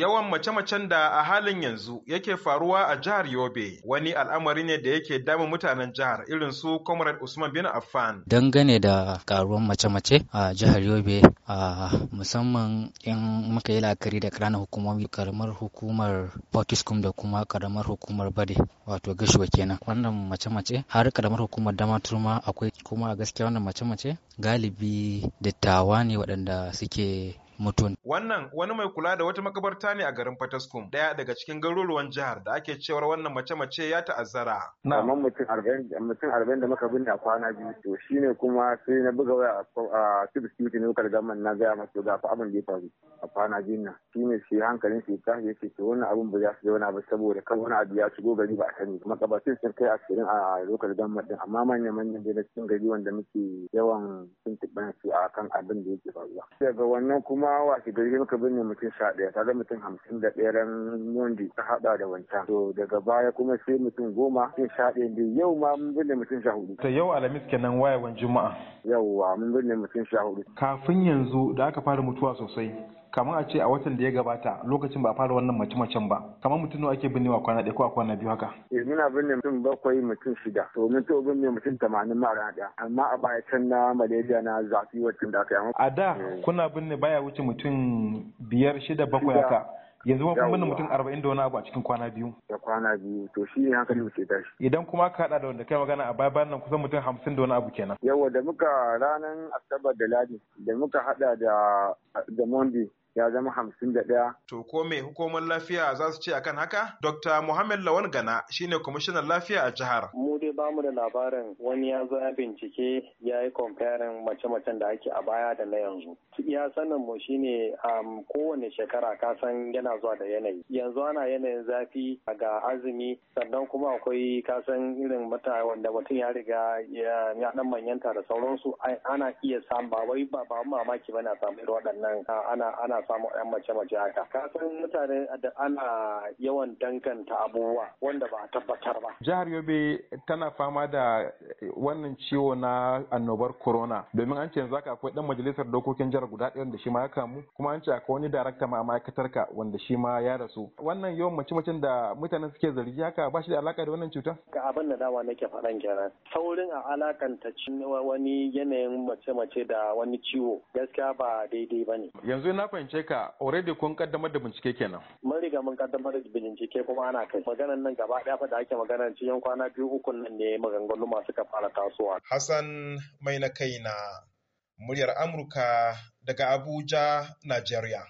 yawan mace-macen da a halin yanzu yake faruwa a jihar Yobe wani al'amari ne da yake damun mutanen jihar irin su Comrade Usman bin Affan. Dangane da karuwan mace-mace a jihar Yobe a musamman in muka yi la'akari da ƙananan hukumomi karamar hukumar Fortiskum da kuma karamar hukumar Bade wato gashuwa kenan. Wannan mace-mace har karamar hukumar turma akwai kuma a gaskiya wannan mace-mace galibi dattawa ne waɗanda suke mutum. Wannan wani mai kula da wata makabarta ne a garin Fataskum, Daya daga cikin garuruwan jihar da ake cewar wannan mace-mace ya ta'azzara. Na. mutum mutum arba'in da muka binne a kwana biyu to shi ne kuma sai na buga waya a Civil Security ne kuka riga na gaya masu ga fa abin da ya faru a kwana biyu na. Shi ne shi hankalin shi ta yake ce wannan abin ba za su zauna ba saboda kan wani abu ya shigo gari ba a sani. Makabartun sun kai ashirin a lokacin gamma din amma manya-manyan da cikin gari wanda muke yawan tuntuɓen su a kan abin da yake faruwa. Daga wannan kuma A washe gari muka binne mutum sha ɗaya tare mutum hamsin da ɗaya ran ta haɗa da wancan to daga baya kuma sai mutum goma sai sha ɗaya da yau ma mun binne mutum sha hudu. ta yau alhamis kenan wayewan juma'a. yauwa mun binne mutum sha hudu. kafin yanzu da aka fara mutuwa sosai kamar a ce a watan da ya gabata lokacin ba a fara wannan mace-macen ba kamar mutum nawa ake binnewa kwana ɗaya ko a kwana biyu haka eh muna binne mutum bakwai mutum shida to mun to binne mutum tamanin ma da. amma a baya can na malaria na zafi wacin da aka yi a da eh. kuna binne baya wuce mutum biyar shida bakwai haka yanzu ma kun mutum arba'in da wani abu a cikin kwana biyu da kwana biyu to shi ne hankali muke tashi idan kuma ka haɗa da wanda kai magana a baya nan kusan mutum hamsin da wani abu kenan yawa da muka ranar asabar da ladi da muka haɗa da da mondi ya zama hamsin da ɗaya. To ko me hukumar lafiya za su ce akan haka? Dr. Muhammad Lawan Gana shine kwamishinan lafiya a jihar. dai ba mu da labarin wani ya zo ya bincike ya yi comparing mace-macen da ake a baya da na yanzu. Ya sanin mu shi shine um, kowane shekara ka san yana zuwa da yanayi. Yanzu ana yanayin zafi ga azumi sannan kuma akwai ka san irin mata wanda mutum ya riga ya dan manyanta da sauransu ana iya samu ba wai ba mamaki na samu irin waɗannan ana ana samu ɗan mace-mace haka. Ka san mutane da ana yawan danganta abubuwa wanda ba a tabbatar ba. Jihar Yobe tana fama da wannan ciwo na annobar corona domin an ce yanzu haka akwai dan majalisar dokokin jihar guda ɗaya wanda shi ma ya kamu kuma an ce akwai wani darakta ma a ma'aikatar ka wanda shi ma ya rasu wannan yawan mace-macen da mutane suke zargi haka ba shi da alaka da wannan cuta ga abin da dawa nake faɗan kenan saurin a alakanta wani yanayin mace-mace da wani ciwo gaskiya ba daidai ba ne yanzu na fahimce ka already kun kaddamar da bincike kenan mun riga mun kaddamar da bincike kuma ana kai maganan nan gaba ɗaya fa da ake magana cikin kwana biyu uku nan ne maganganu masu kafa fara tasowa. Hassan mai na kai na muryar Amurka daga Abuja, Najeriya.